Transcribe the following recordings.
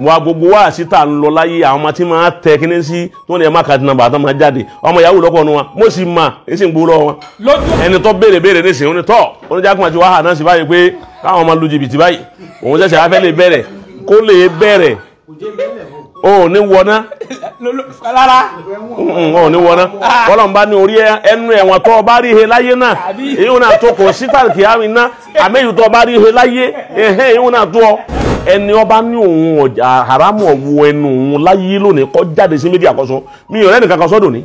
wa gbogbo wa síta ń lọ láyé àwọn ọmọ tí máa tẹ kíní sí tó ní ẹ má ka ti nàbà tó máa jáde ọmọ ìyàwó lọ́kọ̀ nu wọn mo sì ma ń sì ń gbowó lọ́wọ́ wọn. ẹni tó béèrè béèrè ní sìn ń tọ́ oníjàkùnmá ti wá hà náà sí báyìí pé káwọn lu o ní wọná he láyé náà ẹni ọba ní òun ọjà haramu ọ̀wọ́ ẹnu òun láyé lónìí kọ́ jáde sí mídíà kọ́sọ́ mi ò rẹ́nìkan kan sọ́dọ̀ ní.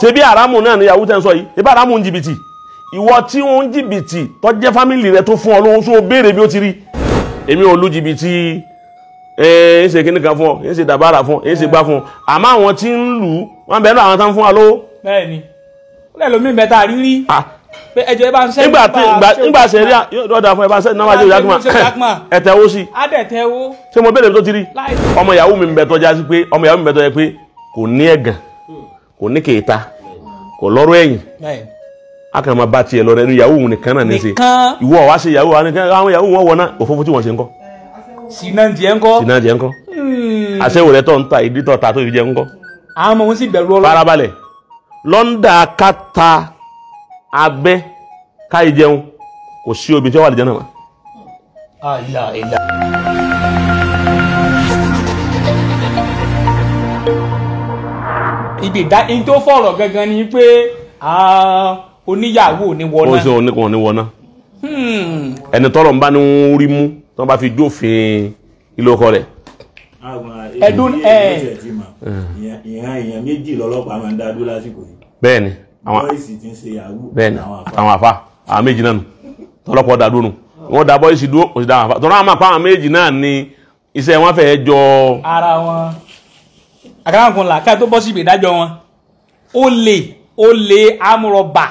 ṣe haramu náà ni yahoo tẹ́ ń sọ yìí ṣebí haramu ń jìbìtì ìwọ tí ó ń jìbìtì tó jẹ́ fámìlì rẹ tó fún ọ lóhun tó béèrè bí ó ti rí èmi ò lu jìbìtì ẹ ń ṣe kíní kan fún ọ ń ṣe dàbàrà fún ọ ń ṣe gbá fún ọ àmọ́ àwọn tí ń lù ú wọn bẹ̀rù àwọn tán fún wa lówó. bẹ́ẹ̀ni ó lẹ lómi bẹta rírí. Ah, pé ẹjọ ẹ bá ń sẹ́yìn nígbà tí nígbà ṣe rí ọ̀dà fún ẹ bá ń sẹ́yìn náà wájú ìyàgbọ́n ẹ̀tẹ̀wó sí. adẹ̀tẹ̀wó. ṣé mo bẹ̀rẹ̀ tó ti rí ọmọ ìyàwó mi ń bẹ̀tọ̀ já sí pé ọmọ ìyàwó mi ń bẹ̀tọ̀ yẹ pé kò ní ẹ̀gàn kò ní kèéta kò lọ́rọ̀ ẹ̀yìn a kàn máa bá tiẹ̀ lọ rẹ̀ ìyàwó òun nìkan náà ní ṣe ìwọ wá ṣe ìyàwó àwọn ìyàwó wọn wọná òfófó tí wọ́n ṣe ń kọ́. sinadìẹ ń kọ́. sinadìẹ ń kọ́. àṣẹwò hmm. rẹ tó ń ta ìdí tó ta tó fi jẹ ń kọ́. àwọn ọmọ wọn sì bẹ̀rù ọlọ́run. farabalẹ̀ lọ́ńdà kàtà abẹ́ káyé jẹun kò sí obìnrin tí wọ́n wà lè jẹun náà mọ́. àyà ìlà. ibi ìdá in tó fọ̀rọ̀ gangan ni pé oníyàwó ni wọ́n náà. ó ṣe oníkan ni wọ́n náà. Hmm. ẹni tọrọ ń bá ní rí mú tí wọ́n bá fi dófin ilé ọkọ rẹ̀ ẹdún ẹ. ìran èèyàn méjì lọ́lọ́pàá máa ń dá dúró lásìkò yìí. bẹ́ẹ̀ni àtàwọn àfa àwọn méjì náà nù tọ́lọ́pọ̀ dá dúró nù wọ́n dá bọ́ìsì dúró kò sì dá àwọn àfa tọ́lọ́ àwọn àwọn méjì náà ni iṣẹ́ wọn fẹ́ jọ. ara wọn àkàràǹkùn là káyọ̀ tó bọ́ sí ibi ìdájọ́ wọn ó lè ó lè amúrọ̀bà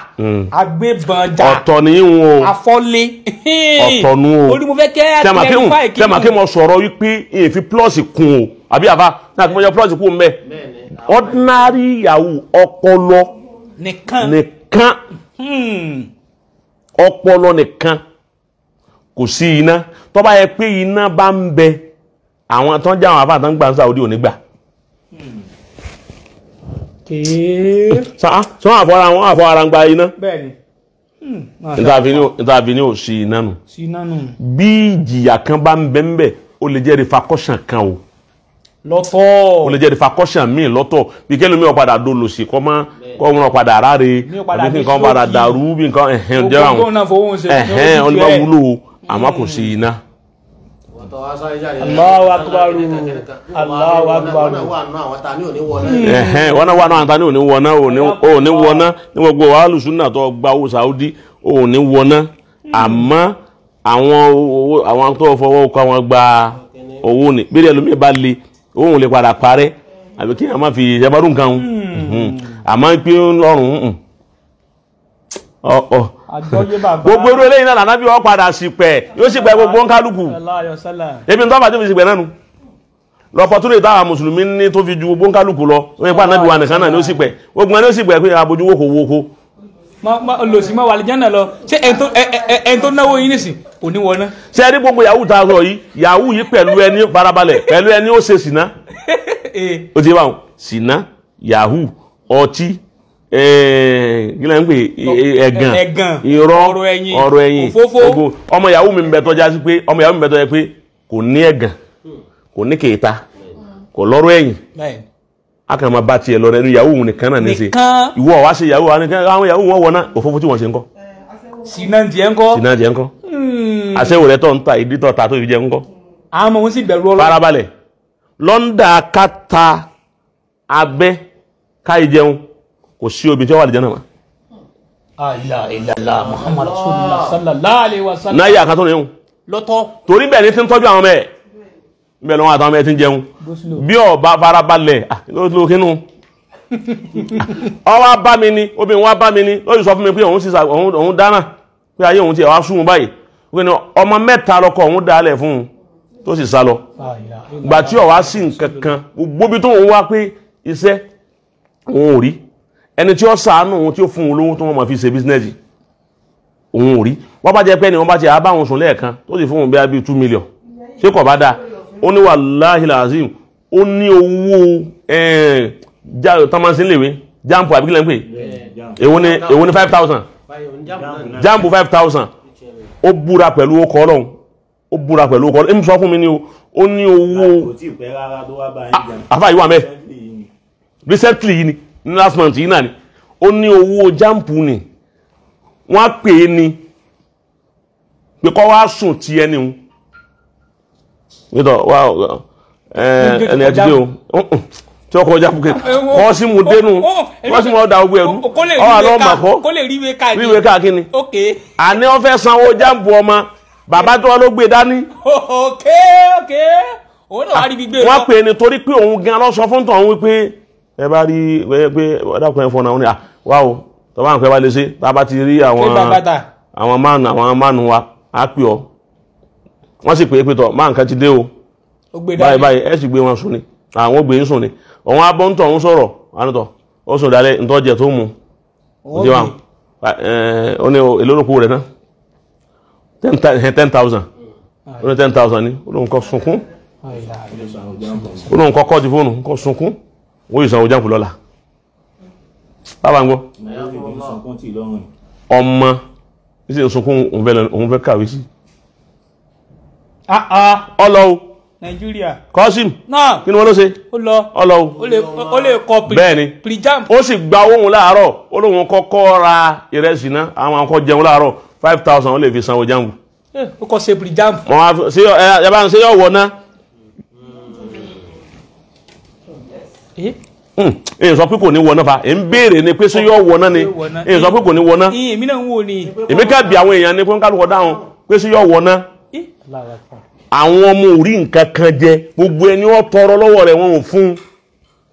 agbébọnjà ọ̀tọ̀ ni ń wo afọ́lé ọ̀tọ̀ nu o orí mo fẹ́ kẹ́ sọ̀rọ̀ wípé èyí fi plus kún o àbí àfa náà kí mo yọ plus kún mẹ́ ordinary ìyàwó ọpọlọ nìkan nìkan hmm. ọpọlọ nìkan kò sí iná tó bá yẹ pé iná bá ń bẹ àwọn tó ń jẹ́ àwọn àfàtàn gbà ń Saudi ò ní gbà hmm. sọ àfọwọ́ra ah, wọn àfọwọ́ra ń gba iná ìtàbí ni ò sí iná nù bí ìjìyà kan bá ń bẹ ń bẹ ó lè jẹ́ rifakọ́sàn kan o lọ́tọ̀ ó lè jẹ́ rifakọ́sàn míì lọ́tọ̀ bí kẹ́lómi ọ̀padà dolo sí kọ́ máa kó wọn padà ráre àbí kí nǹkan padà dàrú bí nǹkan ẹ̀hẹ́n jẹ́ àwọn ẹ̀hẹ́n ọlọ́wà wúlò àmọ́ kò sí iná. Allahu náà wà náà ta ni òní òní ní gbogbo wàhálù gba owó òní àmọ́ àwọn àwọn tó fọwọ́ kọ́ àwọn gba owó ni bí le òun lè padà parẹ́ àbí kí fi ìjẹba àmọ́ pé ń lọ́rùn ń ọ̀ọ̀ gbogbo eré lẹ́yìn náà lànà bí wọ́n padà sí pẹ̀ yóò sì pẹ̀ gbogbo ń kálukú ebi tó fàájú fi sì pẹ̀ náà nu lọ́pọ̀túnlẹ̀ táwa mùsùlùmí ní tó fi ju gbogbo ń kálukú lọ wọ́n yẹ pa ànábì wa nìkan náà ni ó sì pẹ̀ gbogbo ẹni ó sì pẹ̀ pé abojú wókò wókò. olùsí máa wà lè jẹ́nà lọ ṣé ẹni tó náwó yín nìsín kò ní wọná. ṣé ẹni gbogbo yahoo ta ọtí gílẹ̀ eh, ń pè ẹ̀gàn irọ́ ọ̀rọ̀ ẹ̀yìn òfófó ọmọ ìyàwó mi bẹ tọ́já sí pé ọmọ ìyàwó mi bẹ tọ́já pé kò ní ẹ̀gàn kò ní kèéta kò lọ́rọ̀ ẹ̀yìn akàn máa bá tiẹ̀ lọ́rọ̀ ẹnu ìyàwó òun nìkan náà ní í ṣe ìwọ wá ṣe ìyàwó àwọn ìyàwó wọn wọná òfófó tí wọ́n ṣe ń kọ́. sinadi ẹ sinadi ẹ ń kata abẹ́ káyì jẹun kò sí omi tí wà lè jẹ́ náà mọ́. àyà kan tó nìyẹn. lọ́tọ̀. torí bẹ́ẹ̀ ni ń tọ́jú àwọn ọmọ ẹ̀ bẹ́ẹ̀ àtàwọn ọmọ ẹ̀ ń jẹun bí ọba farabalẹ̀ lókínú ọwọ́ bá mi ni obìnrin wa bá mi ni lóyún sọ fún mi pé òun sísà òun dáná pé ayé òun ti ẹ̀wá sùn báyìí wọ́n ọmọ mẹ́ta lọ́kọ òun dálẹ̀ fún un tó sì sá lọ gbà tí ọ̀wá sí nǹkan kan gbogbo bí tóun wá pé iṣẹ́ òun ò rí ẹni tí ó sàánù òun tí ó fún un lówó tó wọ́n máa fi ṣe bísínẹ́sì òun ò rí wọ́n bá jẹ́ pé ẹni wọ́n bá ti àbá òun sùn lẹ́ẹ̀kan tó sì fún òun bíi two million ṣé kò bá dáa ó ní wàláhì làásìm ó ní owó eh, tọ́mọ́sílẹ̀wé jampo àbí kílẹ̀ ń pè èwo ní five thousand jampo five thousand ó búra pẹ̀lú ọkọ̀ ọlọ́run ó búra pẹ̀lú ọkọ̀ ọlọ́run ń sọ fún mi ní o ó ní owó àfáà yìí mẹ́ẹ̀ recently yìí ni last month yìí náà ni ó ní owó jáǹpù ni wọ́n á pè é ni pé kọ́ wá sùn ti ẹni o nítorí wá ẹni ẹtí dé o tí ọkọ̀ jáǹpù kẹ kọ́ sí mu dénú kọ́ sí mu ọ̀dà ogun ẹ̀rú ọ̀hà lọ́ọ́ mà kọ́ ríwe káàkiri àní wọ́n fẹ́ sanwó jáǹpù ọmọ bàbá tí wọ́n ló gbé dání. òkè òkè òun náà wá rí ibi gbé lọ. wọ́n pè é nítorí pé òun gan lọ sọ fún tọ̀hún wípé. ẹ bá rí pé ọ̀dàkùnrin fọ́nà wọn ni ah, wá o tọ́ba nǹkan ẹ lè ṣe tá a bá ti rí àwọn àwọn mánu àwọn mánu wa á pè ọ́ wọ́n sì pè é pé máa nǹkan ti dé o báyìí báyìí ẹ sì gbé wọn sùn ni àwọn ò ń sùn ni ọ̀hún abọ́ntọ̀ ń sọ̀rọ̀ ànútọ̀ ó sùn tó mu ọdí wa ah, eh, ó ní rẹ̀ náà eh, ten thousand ó ní ten thousand ni ó kọ́ sunkún ó kọ́ kọ́ fóònù kọ́ wọ́n yóò sanwó jáǹpù lọ́la bàbá ń gbọ́ ọmọ ní sí ìsunkún òun fẹ́ kàwé sí ọlọ́wọ́ ah, ah. nàìjíríà kọ́sìm kí ni wọ́n ló ṣe ọlọ́wọ́ ó lè kọ bẹ́ẹ̀ni o sì gba ohun láàárọ̀ ó lóun kọ́kọ́ ra ìrẹsì náà àwọn akọ́ jẹun láàárọ̀ five thousand ó lè fi sanwó jáǹpù eh, ó kọ́ ṣe bìrì jáǹpù. ṣé ẹ bá ń ṣe yọ̀ wọ̀ náà èyí eh? hmm. sọ pé kò ní wọná fa èyí ń béèrè ni pé ṣé yọ wọná ni èyí sọ pé kò ní wọná èmi náà ń wò ni èmi ká bí àwọn èèyàn ní fún kálukọ dáhùn pé ṣé yọ wọná eh? àwọn ọmọ ò rí nǹkan kan jẹ gbogbo ẹni ó tọrọ lọ́wọ́ rẹ̀ wọn ò fún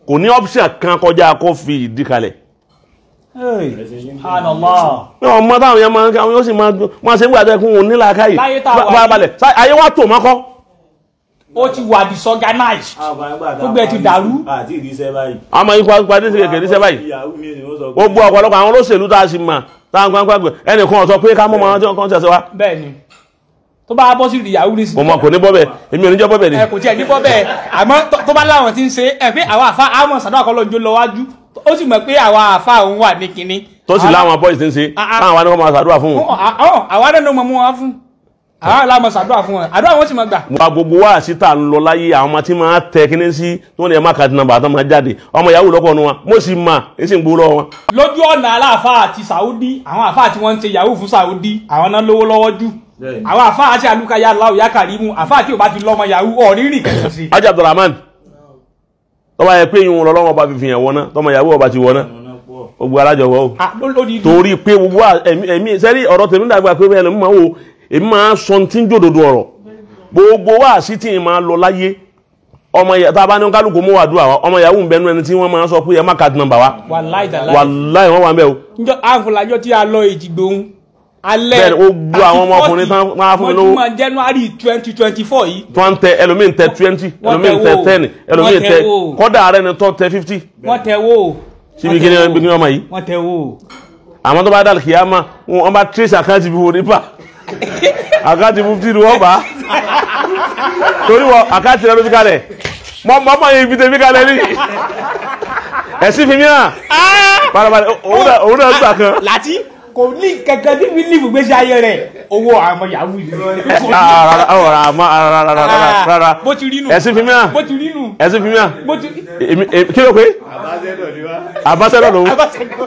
kò ní option kan kọjá kó fi ìdí kalẹ̀. ọmọ táwọn yẹn máa ń kí àwọn yóò sì máa ṣe ń gbàdúrà kí wọn ò ní làákàyè bá a balẹ̀ ayé wa tò mọ́kọ́ ó ti wà disorganized ah, gbogbo ẹ ti dàrú. Ah, àmọ́ ikú akpa dé kèké níṣẹ́ báyìí ó bu ọ̀pọ̀lọpọ̀ àwọn olóṣèlú tá a sì mà tá a ń gbàgbà ẹnìkan ọ̀tọ̀ pé ká mọ̀ wọn tí wọ́n kàn ṣẹ̀ṣẹ̀ wa. bẹ́ẹ̀ni tó bá bọ́ sí ìrì yahoo nísìnyí. mo mọ kò ní bọ́ bẹ́ẹ̀ èmi ò ní jẹ́ bọ́ bẹ́ẹ̀ ni. ẹ kò tiẹ̀ ní bọ́ bẹ́ẹ̀ àmọ́ tó bá láwọn ti ń ṣe ẹ pé àwa àfa àmọ̀ sàdọ́ àkọlọ́njọ lọ wájú ó sì mọ̀ pé àwa àfa òun wà ní kinní. tó sì láwọn boys ti ń ṣe láwọn ah, wa ni wọ́n máa ṣàdúrà fún un. àwọn àdánù mọ̀ mú wọn fún àwọn ah, aláàmọ̀ sàdúrà fún wọn àdúrà wọn sì máa gbà. wà gbogbo wa síta ń lọ láyé àwọn ọmọ tí máa tẹ kíní sí tó ní ẹ má kàdínà bàtà máa jáde ọmọ yahoo lọkọ nu wọn mo sì mà ẹ sì ń gbó lọ́wọ́ lójú ọ̀nà aláàfáà àti Saudi àwọn àfáà tí wọ́n ń ṣe yahoo fún Saudi àwọn náà lówó lọ́wọ́ jù àwọn àfáà àti alukaya aláwọ̀ ya kàrímù àfáà tí ò bá ti lọ́mọ yahoo ọ̀rírì kẹsì. ajá Abdulrahman tọ́ba yẹ pé ìhun ọlọ́wọ́ bá fi fìyàn wọná tọ́mọ yahoo ọba ti wọná gbogbo alájọwọ́ o ah, torí pé gbogbo ẹ̀mí sẹ́rí ọ̀rọ̀ tèmi dàgbà pé bẹ́ẹ̀ ló ń èmi máa sọ tí ń jòdòdò ọ̀rọ̀ gbogbo wá sí tí ì máa lọ láyé ọmọ ìyá tá a bá ní kálukú mú wàdúrà wa ọmọ ìyàwó ń bẹnu ẹni tí wọ́n máa sọ pé ẹ má kàdí nọ́mbà wa wàláì wọ́n wà ń bẹ̀ o. njọ àfọlájọ tí a lọ èjìgbò ń alẹ́ àti fọ́ọ̀tì mọ́júmọ́ january twenty twenty four yìí. tó ń tẹ ẹlòmíín tẹ twenty ẹlòmíín tẹ ten ẹlòmíín tẹ kọ́dà rẹ ni tó tẹ fifty. wọ́n tẹ wo. síbi kí ni ọmọ yìí. wọ́n tẹ wo. àmọ́ tó bá dàlù kìí àkáǹtì fifty ni wọ́n gbà á torí wọ àkáǹtì rẹ ló fi kalẹ̀ mọ́mọ́ yìí fi tẹ̀mí kalẹ̀ ní ẹ̀sìn fi mí hàn balabala òun náà gbà kan. láti kò ní kankan tí fi nífù gbèsè ayé rẹ owó àmọ́ yahoo ni. rárá ara, rárá ara, ara, ara, ara, ara, ẹ̀sìn fi mí hàn bó ti rí nù ẹ̀sìn fi mí hàn kí ló pé àbáṣẹ́dọ̀ ló wá àbáṣẹ́dọ̀ ló wá.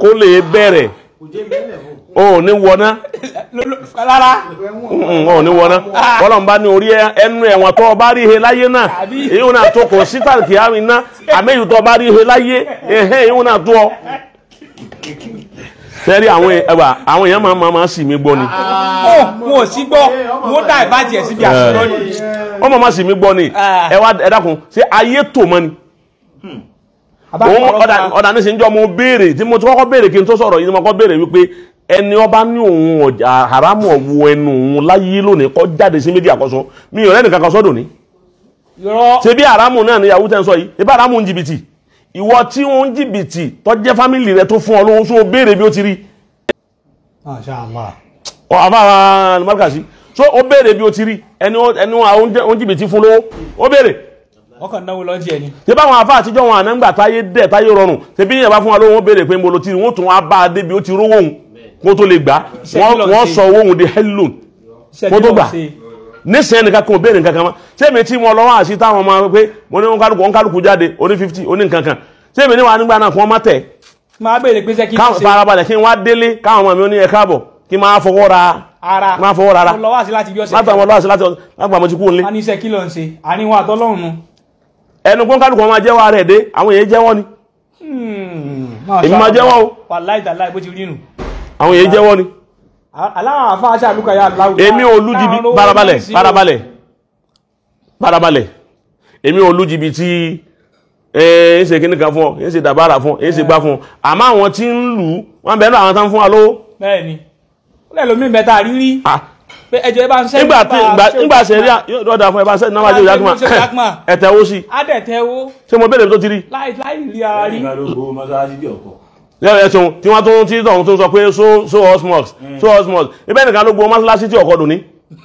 kó lè bẹ̀rẹ̀ o ò ní wọná mm, ní wọná ah. orí ẹnu ẹ̀wọ̀n tó bá láyé náà náà tó kò sí àmì náà àmẹ́yù tó bá rí láyé náà tó ọ. fẹ́rí àwọn e, àwọn èèyàn máa máa sì mí gbọ́ ni. ó ah. oh, ò sí gbọ́ dá ìbàjẹ́ síbi eh. máa máa sì mí gbọ́ ni ah. ẹ wá ẹ dákun ṣé ayé mọ́ hmm. òun ọ̀dà ní sinjọ́ mo béèrè tí mo ti kọ́kọ́ béèrè kí n tó sọ̀rọ̀ yìí mo kọ́ béèrè wípé ẹni ọba ní òun ọjà haramu ọ̀wọ́ ẹnu òun láyé lónìí kọ́ jáde sí méjì àkọ́sọ mi ò rẹ́nìkan kan sọ́dọ̀ ní. ṣe bí haramu náà ni yahoo tẹ́ ń sọ yìí ibà haramu ń jìbìtì ìwọ tí ó ń jìbìtì tó jẹ́ fámìlì rẹ tó fún ọ lóhun sóò béèrè so ó béèrè bí ó ti rí ẹni ó ń wọ́n kàn náwó lọ́jì ẹ̀ ni. ṣé báwọn afá àtijọ́ wọn àná ńgbà táyé dẹ̀ táyé rọrùn ṣebí yẹn bá fún wa lówó wọn béèrè pé ń bolo tí wọ́n tún wá bá a débi ó ti rówó òun kó tó lè gbà wọ́n sọ owó òun di hellon kó tó gbà nísìnyẹn nìkan kan ò béèrè nǹkan kan mọ́ sẹ́mi tí mo lọ́wọ́ àṣì táwọn ọmọ pé mo ní ònkálukú ònkálukú jáde oní fifty oní nǹkan kan sẹ́mi níwà nígbà náà kí wọ́n má tẹ̀. máa béèrè pé sẹ́kì ń ṣe. farabalẹ̀ kí n wá délé káwọn ọmọ mi ó ní ẹ káàbọ̀ kí n máa fọwọ́ ra ara máa fọwọ́ ra ara látàwọn lọ́wọ́ àṣì láti bí ọ̀sẹ̀. látàwọn lọ́wọ́ ẹnu gbọ́n kálukú wọn máa jẹ́wọ́ rẹ̀ dé àwọn èyí jẹ́wọ́ ni hmm, èmi máa jẹ́wọ́ o àwọn èyí jẹ́wọ́ ni. aláwọ̀ afá aṣáà lùkà yà láwùjọ. èmi ò lu jìbìtì parabalẹ̀ parabalẹ̀ parabalẹ̀ èmi ò lu jìbìtì ẹ̀ ń ṣe kíní kan fún ọ ń ṣe dàbàrà fún ọ ń ṣe gbá fún ọ àmọ́ àwọn tí ń lù wọ́n bẹ̀rù àwọn tán fún wa lówó. bẹ́ẹ̀ni ó lè lómi bẹta rírí pé ẹjọ ẹ bá ń sẹ́yìn nígbà tí nígbà tí ẹ̀rí ọ̀dà fún ẹ bá ń sẹ́yìn náà wájú ìyákùmá ẹ̀tẹ̀wó sí. adẹ̀tẹ̀wó. ṣé mo bẹ̀rẹ̀ tó ti rí. láì láì rí ara rí. lẹ́yìn ẹ̀sùn tí wọ́n tún tí tọ̀hún tún sọ pé so osmox so hmm. osmox ibẹ̀ nìkan ló gbowó mọ́ṣáláṣí tí ọkọ̀ dùn ní.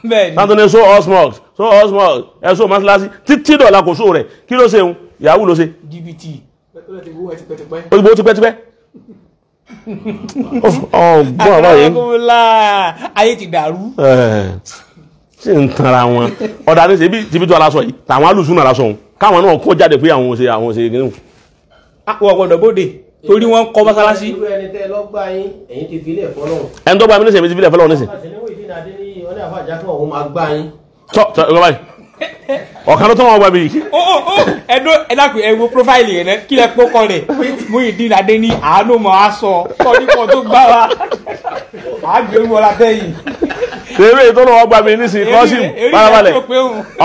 bẹ́ẹ̀ni tanto ni so osmox so osmox ẹ̀ so mọ́ṣáláṣí títí dọ̀la kò so rẹ̀ kí ló ṣe òun yahoo ló ṣe. jìbìtì ó ti pẹ́tipẹ́ ọgbọ́n àbáyé ayé ti dàrú. ṣé n tanra wọn ọ̀dà ní ṣebí tìbí tó aláṣọ yìí tàwọn alùsùn náà aláṣọ òun káwọn náà kọ́ jáde pé àwọn ṣe àwọn ṣe gíríhùn. wọ́n gbọ́dọ̀ bóde torí wọ́n kọ́ mọ́sálásí. ẹni tó gba mi nísìnyí mi ti fi lẹ̀ fọ́lọ́run nísìnyí. tọ́ tọ́ ìgbà báyìí ọ̀kan ló tún wọn wá mi. ẹnu ẹdàkùn ẹwo profaili yẹn kí lẹ kpọkọ rẹ Muyideen Adéní àánú mọ aṣọ sọdí kan tó gbá wa àgbẹ̀ wọlá tẹ̀yìn eré tó lọ́wọ́ gba mi nísìnyí kọ́sìm balabalẹ̀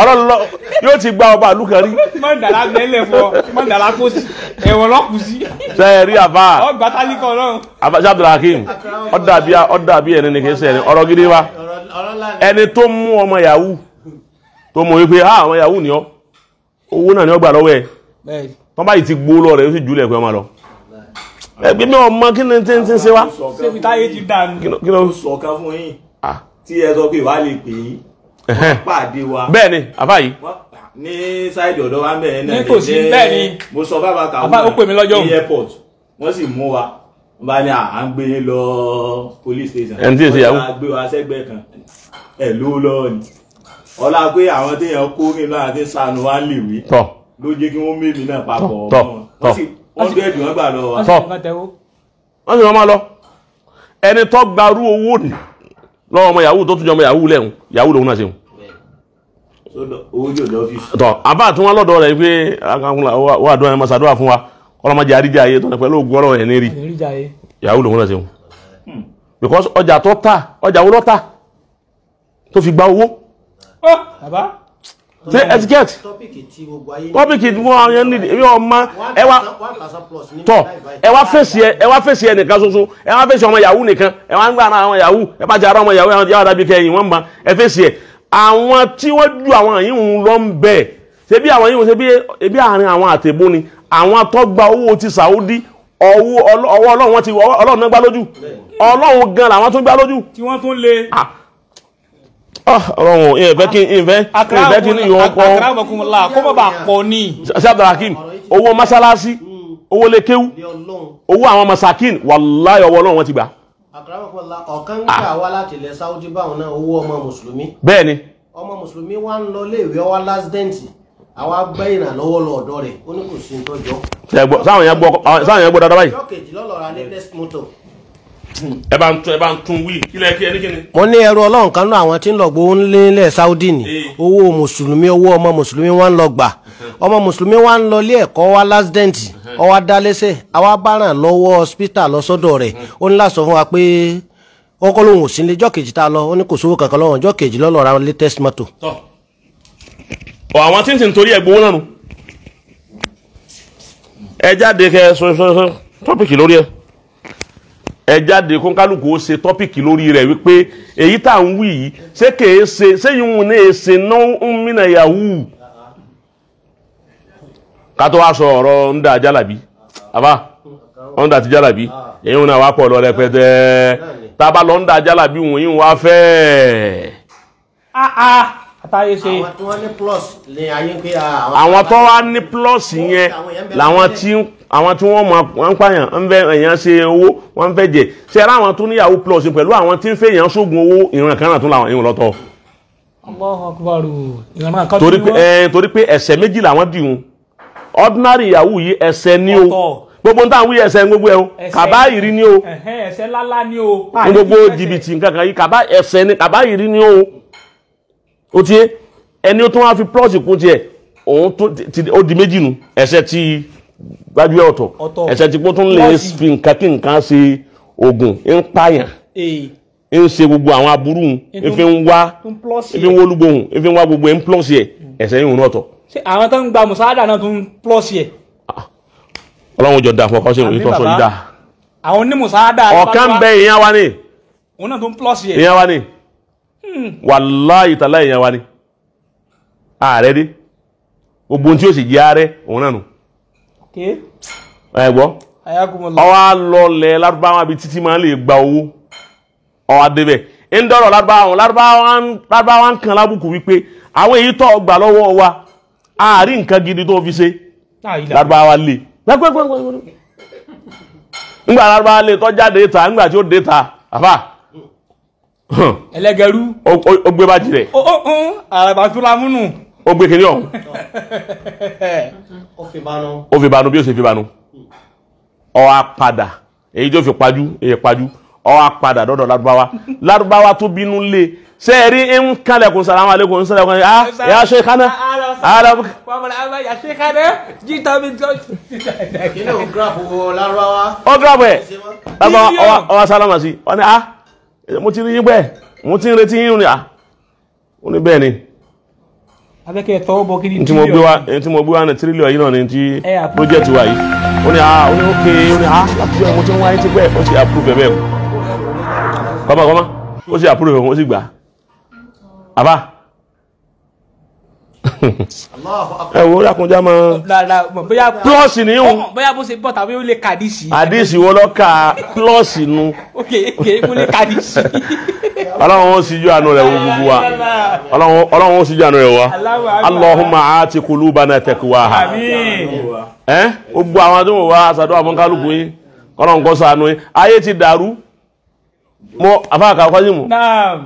ọlọ́lọ́ yóò ti gba ọba àlù kan rí. má dàlá mẹ́lẹ̀ fọ má dàlá kó sí ẹ̀wọ̀n lọ́kùn sí. ṣe é rí àbá ọgbà tálí kan náà. àbá sábà Abdulhakeem ọ̀dàbí ẹni ni kì í ṣe ẹni ọ̀rọ̀ gidi wa ẹni tó mú ọmọ yahoo tó mọ̀ wípé ah àwọn yahoo ni ọ́ owó náà ni ọ́ gbà lọ́wọ́ ẹ̀ tọ́ báyìí ti gbó lọ rẹ̀ ó sì jùlẹ̀ pé ọmọ lọ ẹgbẹ́ mi ọmọ kí ni tí ń tí ń ṣe wá. ṣébi táyé ti dà ní. kí ló sọ̀kan fún yín ah. tí ẹ sọ pé wàá lè pè é wọ́n pàdé wa. bẹ́ẹ̀ ni àbá yìí. ní sáìdì ọ̀dọ́ wa bẹ́ẹ̀ náà ní kò sí bẹ́ẹ̀ ni mo sọ bàbá kàwé ní airport wọ́n sì mú wa wọ́n bá ní à ń gbé lọ police station. ẹni tí ì ọlá pé àwọn téèyàn kó nínú àti sànù wá lè mí ló jẹ́ kí wọ́n mèmí náà papọ̀ wọ́n sì wọ́n dẹ́ẹ̀dì lọ wa. lọ ẹni tó gbarú owó ọmọ yahoo tó tún ọmọ yahoo yahoo lòun náà ṣe tọ àbá tí wọn lọdọ rẹ̀ pé wà dùn wa ọlọmọdé àríjà pẹ̀lú ní hmm. because ọjà tó ta ọjà gba owó bàbá ṣe etiquette tọ́pìkì tí wọ́n yẹn nídìí èmi ọmọ ẹ wá tọ̀ ẹ wá fèsì ẹ wá fèsì ẹ nìkan ṣoṣo ẹ wá fèsì ọmọ yahoo nìkan ẹ wá ń gbà ara àwọn yahoo ẹ bá jẹ ara ọmọ yahoo ẹ wá dàbí kẹyìn wọn mọ ẹ fèsì ẹ àwọn tí wọ́n ju àwọn yìí ń lọ ń bẹ̀ ṣe bí àwọn yìí ń ṣe bí ebi àárín àwọn àtẹ̀bó ni àwọn atọ́gba owó ti Saudi ọwọ́ ọlọ́run wọn ti ọlọ́run náà gbá lójú ọlọ́run gan làwọn tún gbá lójú. tí wọ́n tún le. ah Ah, ọlọ́run ìyẹn fẹ́ kí ìfẹ́ kí ni ìwọ̀n pọ̀ akarabakumula kó má bàa pọ̀ ni. sábàákìm owó mọ́sálásí hmm. owó lékéwú owó àwọn masakin wàláyé ọwọ́ ọlọ́run wọn ti gbà. akarabakumula ọ̀kan ń gbà wá láti ilẹ̀ Saudi báwọn náà owó ọmọ mùsùlùmí. bẹ́ẹ̀ ni. ọmọ mùsùlùmí wa ń lọ léèwé ọwá lásìdẹ́ǹtì àwa gbẹ́ ìrànlọ́wọ́ lọ ọ̀dọ́ rẹ̀ ó ní kò sí ní tọ́jọ́. sáwọn yẹn gbọ́ dáadáa báyìí. ọjọ́ kejì lọ́lọ́ra ní next motor ẹ bá ń tún ẹ bá ń tún wí kílẹ̀ kí ẹni kíni. mo ní ẹrú ọlọ́run kan náà àwọn tí ń lọ gbowó nílẹ̀ Saudi ni owó mùsùlùmí owó ọmọ mùsùlùmí wọn ń lọ gbà ọmọ mùsùlùmí wa ń lọ ilé ẹ̀kọ́ wa lásìdẹ́ǹtì ọwọ́ adálẹ́sẹ̀ àwa báràn lọ́wọ́ hospital lọ sọ́dọ̀ rẹ̀ ó ní láti fún wa pé wọ́n kọ́ lóhùn òsínlé jọ́ kejì tá a lọ ó ní kò sówó kankan lọ́wọ́ jọ́ kejì lọ́lọ́ ra latest motor. àwọn tí ń sìn torí ẹ̀ gbowó náà nù ẹ jáde kẹ sọ tọ́pìkì lórí ẹ̀ ẹ jáde kó kálukú ó ṣe tọ́pìkì lórí rẹ̀ wípé èyí tá à ń wí yìí ṣé kèé ṣe ṣéyìn òun náà ṣe náà ń mìíràn yahoo kátó wá sọ ọ̀rọ̀ ń dà jálàbí àbá ọ̀n ti jálàbí èyí òun náà wá pọ̀ lọ rẹpẹtẹ tá a bá lọ ń dà jálàbí òun yìí wá fẹ́. àwọn tó wá ní plus yẹn làwọn tí ń àwọn tí wọ́n máa ń pààyàn ń fẹ́ èèyàn ṣe owó wọ́n ń fẹ́ jẹ ṣe ara àwọn tó níyàwó plus pẹ̀lú àwọn tí ń fẹ́ èèyàn ṣoògùn owó ìran kan náà tún làwọn èèyàn lọ́tọ̀. Eh, torí pé ẹ̀ṣẹ̀ méjì làwọn dìhun ordinary ìyàwó yìí ẹ̀ṣẹ̀ ni o gbogbo ń táwọn wí ẹ̀ṣẹ̀ gbogbo ẹ̀ o kàbáyìrí ni o ẹ̀ṣẹ̀ lálá ni o ah, gbogbo jìbìtì nǹkan kan yìí ẹ̀ṣẹ̀ ni kàbáyìrí ni o o tiẹ̀ ẹni tó wá fi plus kún tiẹ̀ òun ó di méjì nu ẹ̀ṣẹ̀ ti gbájúẹ̀ ọ̀tọ̀ ẹ̀sẹ̀ tí kò tún lè fi nǹkan kí nǹkan ṣe oògùn ń pààyàn ń ṣe gbogbo àwọn aburú ń fi ń wá ń fi ń wọlú gbohùn ń fi ń wá gbogbo ẹ̀ ń plọ́ọ̀sì ẹ̀ ẹ̀sẹ̀ yìí ń rọ̀tọ̀. ṣé àwọn tó ń gba mùsáàdà náà tún plọ́ọ̀sì ẹ̀. Ah, ọlọ́run jọ da fún ọkọ sí ìròyìn tó sọ yìí dá. àwọn ní mùsáàdà. ọ̀kan bẹ ìyẹn wa ni. òun náà tún plọ́ọ̀sì ẹ̀. ìyẹn wa ni. Hmm. wàláyé tàlá ìyẹn wa ni. ààrẹ dé gbogbo ohun tí yóò sì jẹ ààrẹ òun náà nù ẹ gbọ́ ọwọ́ lọlẹ̀ lárúbáwá bíi títí máa lè gba owó ọwọ́ adébẹ̀ ń dọ̀rọ̀ lárúbáwá lárúbáwá ń kan lábùkù wípé àwọn èyí tó gbà lọ́wọ́ wa àárín nǹkan gidi tó fi ṣe lárúbáwá lè nígbà lárúbáwá lè tó jáde ta nígbà tí ó dé ta àfà ẹlẹgẹrú ó gbé bá tirẹ̀. araba tó la múnú ó gbé kinní ọ̀hún ó fi banu bí ó ṣe fi banu ó wá padà èyí tó fi pajú èyí pajú ó wá padà dọ́dọ̀ lárúbáwá lárúbáwá tó bínú lé ṣe é rí ń kálẹ̀kùn sàlámù alẹ́kùn sàlámù alẹ́kùn ah yà ṣe kánà alamu. wàmúlẹ̀ àwọn yà ṣe kánà jíta mi tó. kí o gíràpù o lárúbáwá. ó gíràpù ẹ̀ lárúbáwá ọwọ́ sálámà sí ọ ní ah mo ti rí yín pẹ́ mo ti ń retí yín ní ah ó ní bẹ́ẹ̀ ni abẹ́kẹ́ tọwọ́ bọ kí ni tí mo gbé wá tí mo gbé wá ní tírílíọ̀ yìí náà ni ti project wa yìí ó ní ah ó ní ok ó ní ah láti ọmọ tí wọ́n wáyé ti pẹ́ ó sì approve bẹ́ẹ̀ kọ́mọ kọ́mọ ó sì approve ó sì gbà àbá ẹ wo lakunjá ma plus ni o bóyá bó ṣe bọ́ tàbí ó lè kàdísì àdísì wọ́n lọ́ ka plus nu ok ok mo lè kàdísì. ọlọ́run ó síjú àánú rẹ̀ gbogbo wa ọlọ́run ó síjú àánú rẹ̀ wa allahumma aati kulubana taqwaha ẹ́ gbogbo àwọn tó ọlọ́run kọ́ ayé ti dàrú mọ́ afáàkà kọ́símù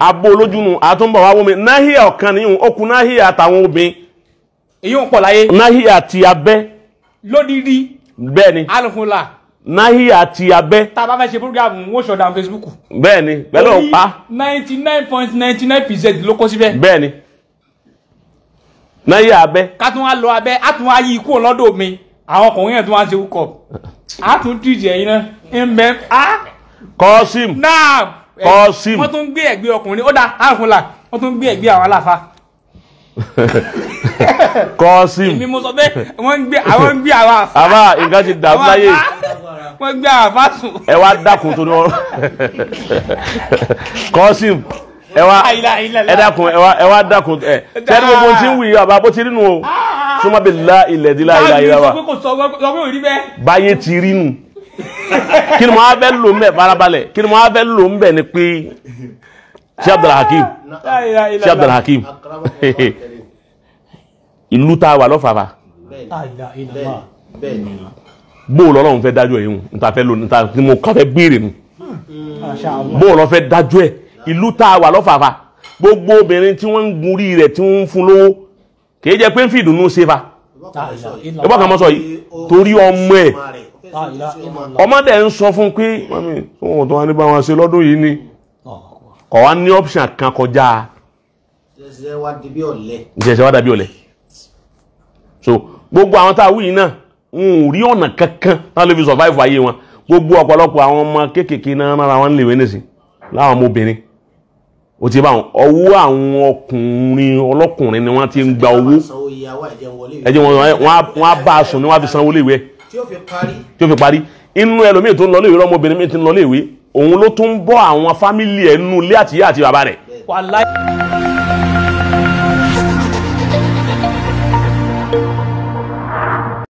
abó olójúnu àtúnbọ̀ wá wọ́mi náhíà ọ̀kan nìyún okùn náhíà àtàwọn obìnrin èyí láyé náhíà ti abẹ́ bẹ́ẹ̀ ni alùpùpù náhí àti abẹ́. tá a bá fẹ́ ṣe program wọ́n ṣọ̀dà Facebook. bẹ́ẹ̀ni bẹ́ẹ̀ ló pa. ninety nine point ninety nine percent ló kó síbẹ̀. bẹ́ẹ̀ni náhí abẹ́. ká tún wá lọ abẹ́ á tún wá yí ikú ọlọ́dọ̀ mi àwọn ọkùnrin yẹn tún wá ṣe wúkọ̀ á tún tìjì ẹ̀yin náà ń bẹ́ á. kọ́sìm. náà kọ́sìm. wọ́n tún gbé ẹ̀gbẹ́ ọkùnrin ó dáa á fún wọ́n tún gbé ẹ̀gbẹ́ àwọn aláfa. kọ́ọ̀sìm. èmi mo sọ pé wọ́n ń gbé àwọn ń gbé àwọn àfa. àbá nǹkan ti dàrú láyé. wọ́n ń gbé àwọn àfa sùn. ẹ wá dákun tó ní wọn. kọ́ọ̀sìm ẹ wá ẹ dákun ẹ wá dákun ẹ sẹ́ni gbogbo ti ń wù yí àbá bó ti rí o ah, ah, ah. súnmọ́ bí la ilẹ̀ di la ìlà ìlà wa. báyé ti rí nu kí ni mo á fẹ́ lò ń bẹ̀ farabalẹ̀ kí ni mo á fẹ́ lò ń bẹ̀ ni pé sí Hakim, sí Hakim, ìlú tá a wà lọ́fàfà bóòlù ọlọ́run fẹ́ dájú ẹ̀ yìí nta fẹ́ mo kàn fẹ́ béèrè nu hmm. bóòlù ọlọ́run fẹ́ dájú ẹ̀ ìlú tá a wà lọ́fàfà gbogbo obìnrin tí wọ́n ń gunrí rẹ̀ tí wọ́n ń fún lówó kìí jẹ́ pé ń fi ìdùnnú ṣe fa ìbọn kan mọ́ sọ yìí torí ọmọ ẹ̀ ọmọdé ń sọ fún pé wọ́n mi tó wọ́n tó wá ní bá wọn ṣe lọ́dún yìí ni kọ̀ wá ní option kan kọjá. jẹ́sẹ̀ wá dàbí ọ̀lẹ. so gbogbo àwọn tá a wúyìn náà n ò rí ọ̀nà kankan náà ló fi survive ayé wọn gbogbo ọ̀pọ̀lọpọ̀ àwọn ọmọ kéékèèké náà rárá wọn lè wé nísìn láwọn ọmọbìnrin ó ti bá wọn ọwọ́ àwọn ọkùnrin ọlọ́kùnrin ni wọ́n ti ń gba owó ẹ̀jẹ̀ wọn wọ́n á bá a sùn ni wọ́n á fi sanwó léwé tí ó fi parí inú ẹlòmíì tó ń lọ léwé ọmọbìnrin mi ti ń lọ léwé òun ló tún ń bọ́ àwọn fámìlì ẹ̀ nù ilé àtìyá àti bàbá rẹ̀. wàláì.